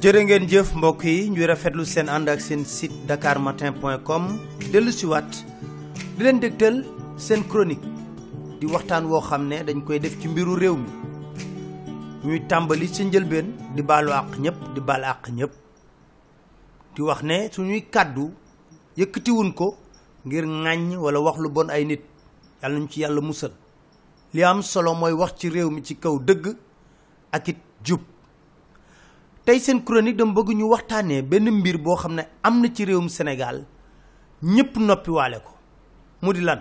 jërë ngeen jëf mbokk yi ñuy rafetlu seen ànd ak seen site dakarmatin.com dellu si wat di leen dégtal seen chronique di waxtaan woo xam ne dañ koy def ci mbiru réew mi ñuy tàmbali ci njëlbeen di baalu àq ñëpp di baal àq ñëpp di wax ne suñuy kàddu yëkkatiwun ko ngir ŋàññ wala wax lu bon ay nit yàlla ñu ci yàlla musal li am solo mooy wax ci réew mi ci kaw dëgg ak it tey seen chronique dama bëgg waxtaanee benn mbir boo xam ne am na ci réewum senegal ñépp noppiwaale ko mu di lan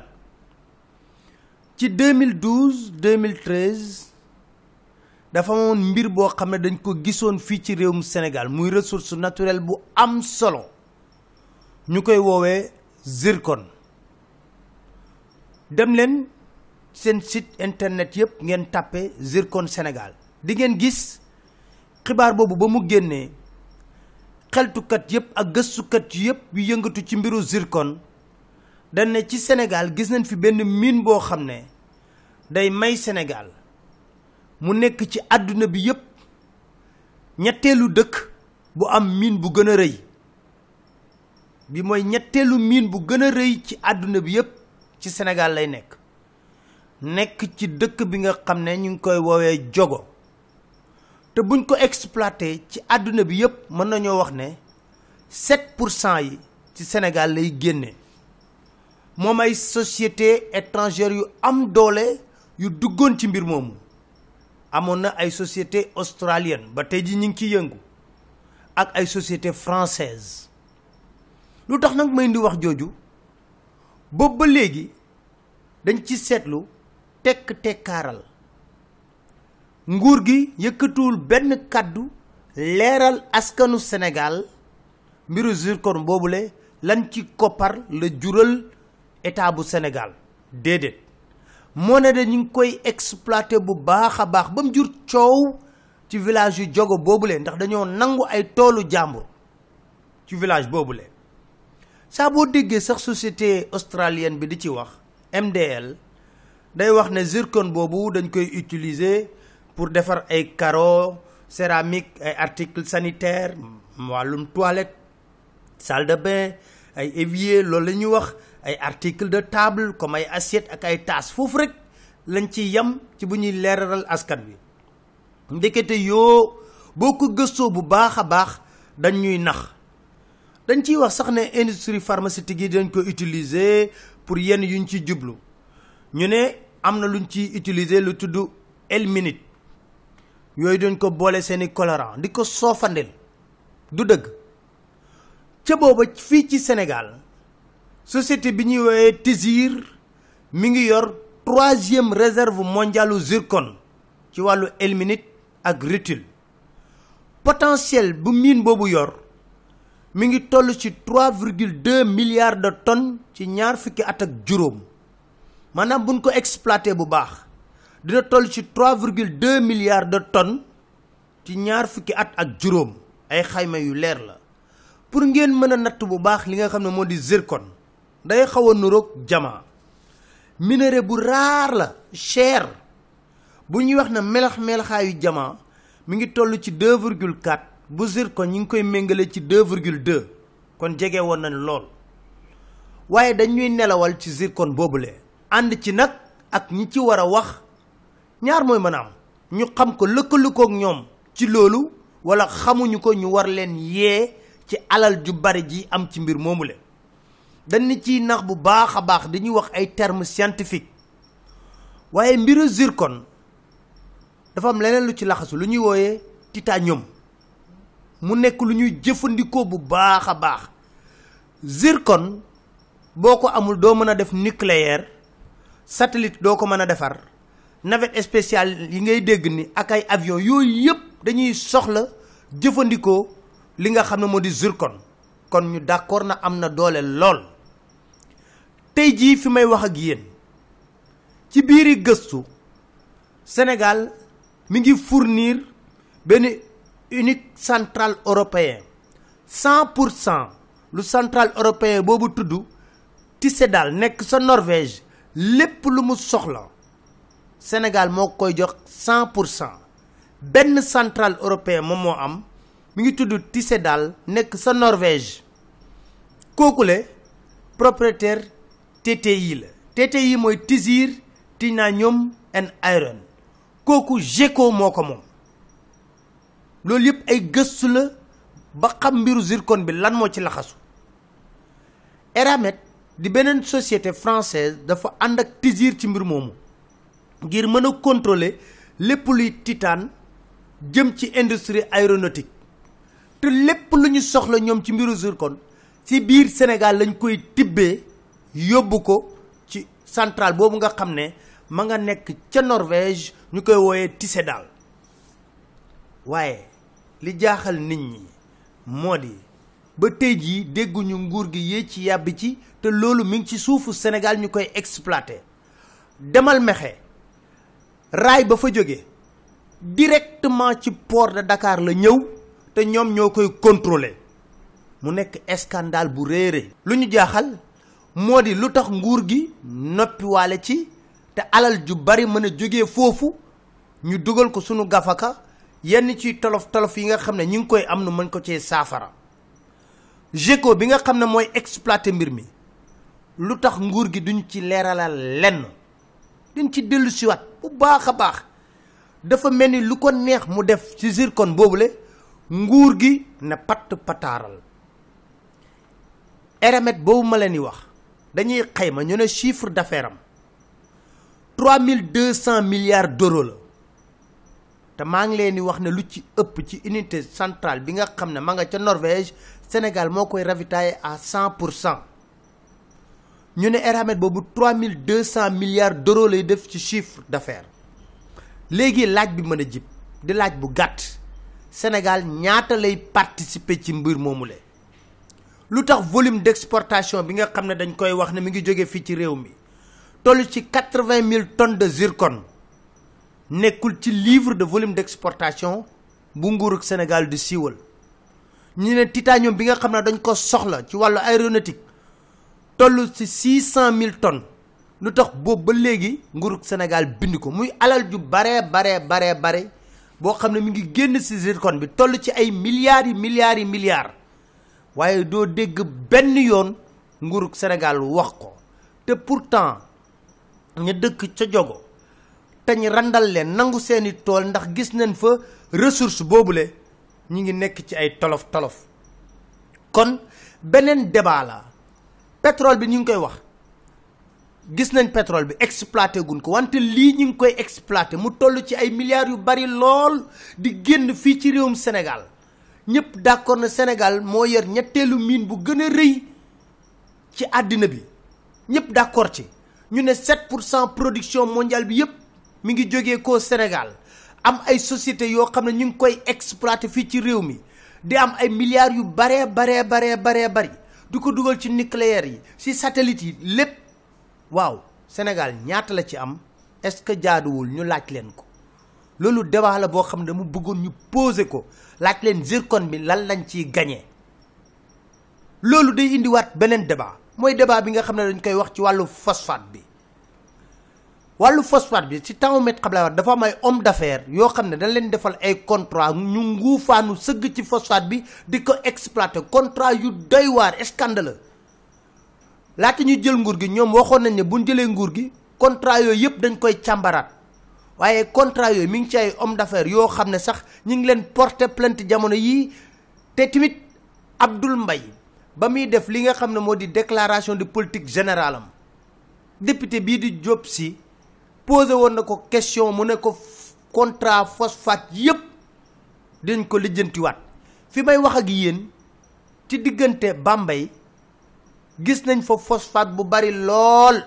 ci 2012 2013 dafa amoon mbir boo xam ne dañ ko gisoon fii ci réewum senegal muy resource naturelle bu am solo ñu koy woowee zircon dem leen seen site internet yëpp ngeen tàppe zircon Sénégal di ngeen gis. xibaar boobu ba mu génnee xeltukat yëpp ak gëstukat yëpp yu yëngatu ci mbiru zircon dañ ci Sénégal gis nañ fi benn miin boo xam ne day may Sénégal mu nekk ci àdduna bi yëpp ñetteelu dëkk bu am miin bu gën a rëy bi mooy ñetteelu miin bu gën a rëy ci àdduna bi yëpp ci Sénégal lay nekk nekk ci dëkk bi nga xam ne ñu ngi koy woowee jogo te buñ ko exploité ci àdduna bi yëpp mën nañoo wax ne 7 pour cent yi ci Sénégal lay génne moom ay société étrangère yu am doole yu duggoon ci mbir moomu amoon na ay société australienne ba tey ji ñu ngi ciy yëngu ak ay société française lu tax nag may indi wax jooju boobu ba léegi dañ ci seetlu tekk tekkaaral nguur gi yëkkatuwul benn kàddu leeral askanu Sénégal mbiru zircon boobule lan ci koppar la jural état bu Sénégal déedéet moo ne de ñu ngi koy exploité bu baax a baax ba jur coow ci village yu jogo boobule ndax dañoo nangu ay toolu jàmbur ci village boobule saa boo déggee sax société australienne bi di ci wax MDL day wax ne zircon boobu dañ koy utiliser pour defar ay carreaux céramique ay articles sanitaires toilettes, toilette salle de bain ay éviers, loolu wax ay articles de table comme ay assiettes ak ay tasses. foofu rek lañ ci yem ci bu ñuy leeralal askan wi ndekete beaucoup de ko gëstoo bu baax a baax dañ ñuy nax dañ ciy wax sax né industrie pharmaceutique yi dañ ko utiliser pour yenn yuñ ci djublu ñu ne am luñ ci utiliser lu tudd ilménite yooyu dañ ko boole seeni colorant di ko soofandil du dëgg ca booba fii ci Sénégal société bi ñuy woowee Tésir mi ngi yor troisième réserve mondialu zircon ci wàllu ilménite ak rutile potentiel bu mine boobu yor mu ngi toll ci trois virgule deux milliards de tonnes ci ñaar fukki at ak juróom maanaam buñ ko exploité bu baax dina toll ci 3,2 milliards de tonnes ci ñaar fukki at ak juróom ay xayma yu leer la pour ngeen mën a natt bu baax li nga xam ne moo di zircon day xaw a nuroog jamaa minerai bu raar la cher bu ñuy wax na melax-melaxaayu jamaa mi ngi toll ci virgul 2,4 bu zircon ñi ngi koy méngale ci 2,2 kon jege woon nañ lool waaye dañuy nelawal ci zircon boobule ànd ci nag ak ñi ci war a wax ñaar mooy mën a am ñu xam ko lëkkalikook ñoom ci loolu walla xamuñu ko ñu war leen yee ci alal ju bari ji am ci mbir moomu le dañ ciy nax bu baax a baax dañuy wax ay terme scientifiques waaye mbiru zircon dafa am leneen lu ci laxasu lu ñuy wooyee ñoom mu nekk lu ñuy jëfandikoo bu baax a baax zircon boo ko amul doo mën a def nucléaire satelit doo ko mën a defar navette spéciale yi ngay dégg ni ak ay avion yooyu yëpp dañuy soxla jëfandikoo li nga xam ne moo di zircon kon ñu d'accord na am na doole lool tey jii fi may wax ak yéen ci biiri gëstu Sénégal mi ngi fournir benn unique centrale européen cent pour cent lu centrale européen boobu tudd Tyssedal nekk sa Norvège lépp lu mu soxla Sénégal moo koy jox cent pour cent benn centrale européen moom moo am mi ngi tudd Tyssedal nekk sa Norvège kookule propriétaire TTI la TTI mooy Tizir Titanium and Iron kooku GECO moo ko moom loolu yëpp ay gëstu la ba xam mbiru zircon bi lan moo ci laxasu Eramet di beneen société française dafa ànd ak Tizir ci mbir moomu ngir mën a lépp luy titan jëm ci industrie aéronautique te lépp lu soxla ñoom ci mbiru zircon ci biir Sénégal lañ koy tibbee yóbbu ko ci centrale boobu nga xam ne ma nga nekk ca Norvège ñu koy wooyee Tisedal waaye li jaaxal nit ñi moo di ba tey jii dégguñu nguur gi yéeg ci yàbbi ci te loolu mi ngi ci suufu Sénégal ñu koy exploité demal mexe raay ba fa jógee directement ci port de Dakar la ñëw te ñoom ñoo koy contrôler mu nekk scandale bu réere lu ñu jaaxal moo di lu tax nguur gi noppiwaale ci te alal ju bari mën a jógee foofu ñu dugal ko sunu gafaka yenn ci tolof tolof yi nga xam ne ñu ngi koy am nu mën ko cee saafara GECO bi nga xam ne mooy exploité mbir mi lu tax nguur gi duñ ci leeralal lenn dañ ci dellu wat bu baax a baax dafa mel ni lu ko neex mu def ci zircon boobule nguur gi na patt pataaral eremet boobu ma leen wax dañuy xayma ñu ne chiffre d'affaires am trois mille deux cent milliards d'euros la te maa ngi leen di wax ne lu ci ëpp ci unité centrale bi nga xam ne ma nga ca Norvège Sénégal moo koy ravitailler à cent pour cent nous avons 3 200 milliards d'euros de chiffre d'affaires. Maintenant, ce que je veux c'est Le Sénégal, combien de participer à ce le veut le volume d'exportation, que vous savez, c'est qu'il est venu ici, c'est 80 000 tonnes de zircon. Ce n'est livre de volume d'exportation que le Sénégal de Siwol. Nous avons le titanium, que vous savez, c'est qu'il est l'aéronautique. toll ci six mille tonnes lu tax boob ba léegi nguurug Sénégal bind ko muy alal ju bare bare baree bare boo xam ne mi ngi génn ci zircon bi toll ci ay milliards yi milliards yi milliards waaye doo dégg benn yoon nguurug Sénégal wax ko te pourtant ña dëkk ca jogo teñ ñu randal leen nangu seeni tool ndax gis nañ fa ressource boobule ñu ngi nekk ci ay tolof tolof kon beneen débat la pétrole bi ñu ngi koy wax gis nañ pétrole bi exploité guñ ko wante lii ñu ngi koy exploité mu toll ci ay milliards yu bari lool di génn fii ci réewum sénégal ñëpp d' accord na sénégal moo yor ñetteelu mine bu gën a rëy ci àddina bi ñëpp d' ci ñu ne 7 pour cent production mondiale bi yépp mi ngi jógee koo sénégal am ay société yoo xam ne ñu ngi koy exploité fii ci réew mi di am ay milliards yu bare baree baree bari du ko dugal ci nucléaire yi si satellite yi lépp waaw Sénégal ñaata la ci am est-ce que jaaduwul ñu laaj leen ko loolu débat la boo xam ne mu bëggoon ñu poser ko laaj leen zircon bi lan lañ ciy gagné loolu day indiwaat beneen débat mooy débat bi nga xam ne dañ koy wax ci wàllu phosphate bi wàllu phosphate bi ci temps un dafa homme d'affaires yo xamne dañ leen defal ay contrat ñu seug ci phosphate bi exploiter contrat yu doy scandaleux laati ñu jël nguur gi ñom waxon nañ ne nguur gi contrat dañ koy contrat mi homme d'affaires yo xamne sax ngi leen plainte jamono Abdoul Mbaye ba def li nga déclaration de politique générale député posé woon question mu ne ko contrat phosphate Yep, dinañ ko lijjantiwaat fi may wax ak yéen ci diggante Bambay gis nañ fa phosphate bu bari lol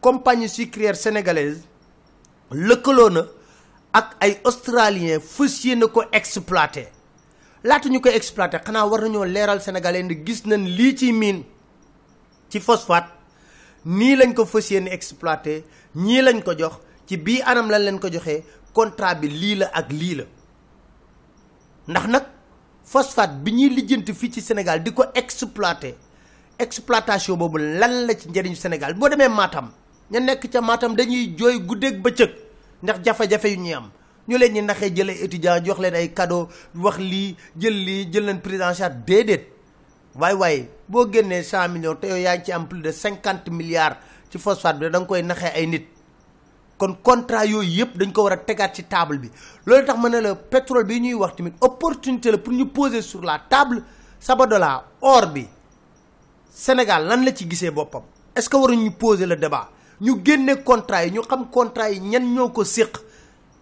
compagnie sucrière sénégalaise Le na ak ay australiens fas yéene ko exploité laata ñu ko exploiter. xana war nañoo léral sénégalais ni gis nañ li ci mine ci phosphate. nii lañ ko fas yéene exploité ñii lañ ko jox ci bii anam lañ leen ko joxee contrat bi lii la ak lii la ndax nag phosphate bi ñuy lijjanti fii ci Sénégal di ko exploité exploitation boobu lan la ci njëriñu Sénégal boo demee maatam ña nekk ca maatam dañuy jooy ba bëccëg ndax jafe-jafe yu ñuy am ñu leen ñi naxee jëlee étudiant jox leen ay cadeau wax lii jël lii jël leen président en charge déedéet. waaye waaye boo génnee cent millions te yow yaa ci am plus de cinquante milliards ci phosphate bi da nga koy naxee ay nit kon contrat yooyu yëpp dañ ko war a tegaat ci taable bi loolu tax ma ne la pétrole bi ñuy wax tamit opportunité la pour ñu poser sur la table Sabodala or bi Sénégal lan la ci gisee boppam est-ce que ñu poser le débat ñu génne contrat yi ñu xam contrat yi ñan ñoo ko séq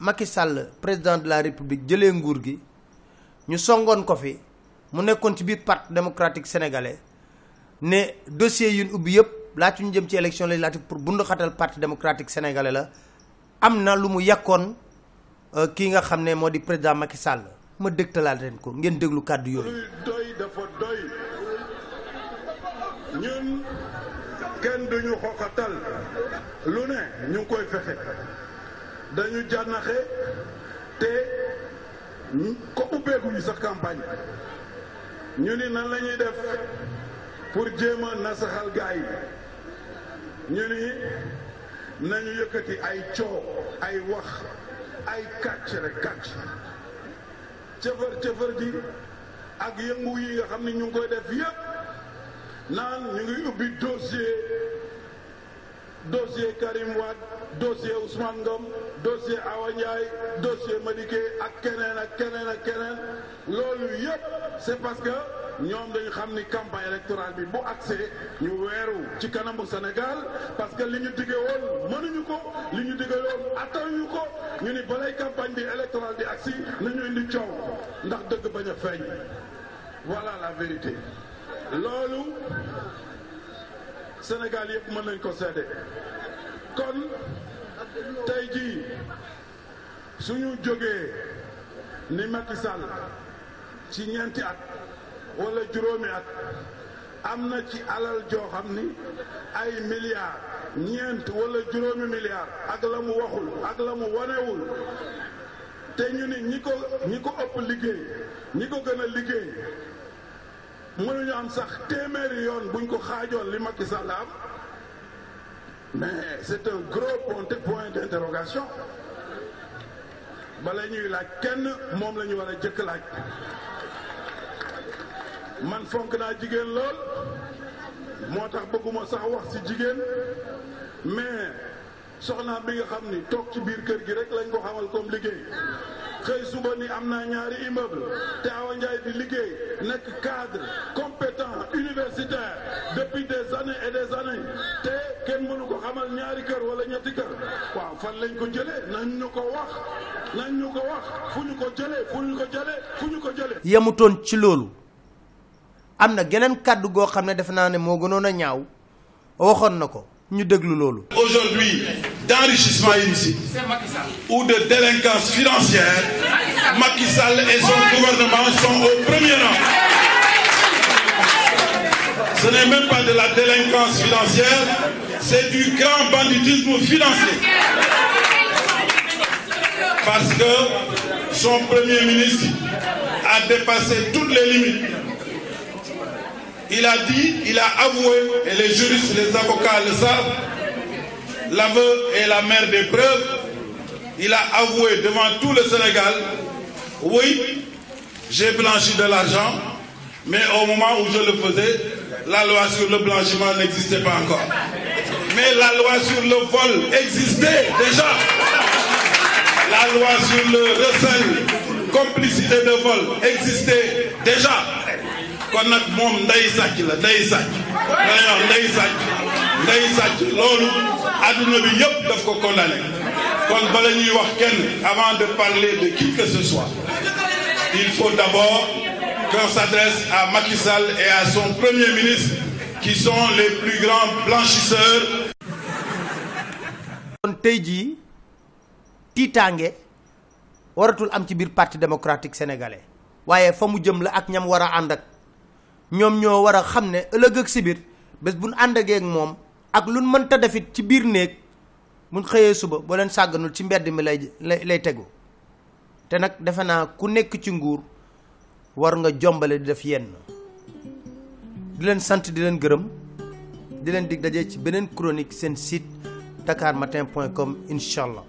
Macky Sall président de la République jëlé nguur gi ñu songon ko fi mu nekkon ci biir parti démocratique sénégalais ne dossier yu ubbi yépp laatu ñu jëm ci élection législative pour bundu xatal parti démocratique sénégalais la am na lu mu yàkkoon euh, ki nga xam ne moo di président Macky Sall ma dëgtalaal leen ko ngeen déglu kàddu yooyu doy dafa doy ñun kenn duñu xoxatal lu ne ñu koy fexe dañu jànnaxe te ko ubbeeguñu sax campagne ñu ni na lañuy ñuy def pour jéem a nasaxal gaa yi ñu ni nañu yëkkati ay coow ay wax ay kàcc rek kàcc cëfër cëfër ji ak yëngu yi nga xam ni ñu ngi koy def yépp naan ñu ngi ubbi dossier dossier Karim Wade dossier Ousmane Dom, dossier Awa dossier Madické ak keneen ak keneen ak keneen Lolu c'est parce que nous dañu xamni campagne électorale bi bu accès ñu wéru ci kanamu Sénégal parce que li ñu nous woon mënuñu ko li ñu digge woon ko ñu ni balay campagne bi électorale di nous nañu indi coow ndax dëgg fait. voilà la vérité lolu. Sénégal yëpp mën nañ ko seede kon tey jii suñu jógee ni Macky ci ñeenti at walla juróomi at am na ci alal joo xam ni ay milliards ñeent wala juróomi milliards ak la mu waxul ak la mu wanewul te ñu ni ñi ko ñi ko ëpp liggéey ñi ko gën a liggéey ñu am sax téeméeri yoon buñ ko xaajoon li Macky Sall am mais c'est un gros point d'interrogation bala ñuy laaj kenn moom la ñu war a jëkk laaj man fonk naa jigéen lool moo tax bëgguma sax wax si jigen, mais soxna bi nga xam ni toog ci biir kër gi rek lañ ko xamal comme liggéey xëy suba ni am ñaari immeuble te Awa di liggéey nekk cadre compétent universitaire depuis des années et des années té kenn mënu ko xamal ñaari kër wala ñetti kër waaw fan lañ ko jëlé nañ ñu ko wax nañ ñu ko wax fuñu ko jëlé fuñu ko jëlé fuñu ko jëlé yemutoon ci lolu amna na geneen kàddu goo xam ne defe naa ne moo gënoon a ñaaw waxoon na ko ñu déglu loolu. aujourd'hui enrichissement illicite ou de délinquance financière Macky Sall et son gouvernement sont pas de la délinquance financière, c'est du grand banditisme financier. Parce que son Premier ministre a dépassé toutes les limites. Il a dit, il a avoué, et les juristes, les avocats le savent, l'aveu est la mère des preuves. Il a avoué devant tout le Sénégal, oui, j'ai blanchi de l'argent, mais au moment où je le faisais, la loi sur le blanchiment n'existait pas encore. Mais la loi sur le vol existait déjà. La loi sur le recel, complicité de vol, existait déjà. kon notre monde, d'Aïsak, sàcc la nday sàcc dañoo nday sàcc nday sàcc loolu adduna bi yëpp condamné kon avant de parler de qui que ce soit il faut d'abord qu'on s'adresse à Macky Sall et à son Premier ministre, qui sont les plus grands blanchisseurs. kon tey jii waratul am ci bir parti démocratique sénégalais waye famu jëm la ak ñam wara a ànd ak ñoom ñoo wara xamné xam ak si biir bés bu nu ak mom ak luñ mën ta defit ci bir neek mun xëyee suba bo leen sagganul ci mbedd mi lay lay téggu té nak defe ku nekk ci nguur. war nga jombalé di def yenn di len sante di len gërëm di len dig dajé ci benen chronique sen site dakarmatin.com inshallah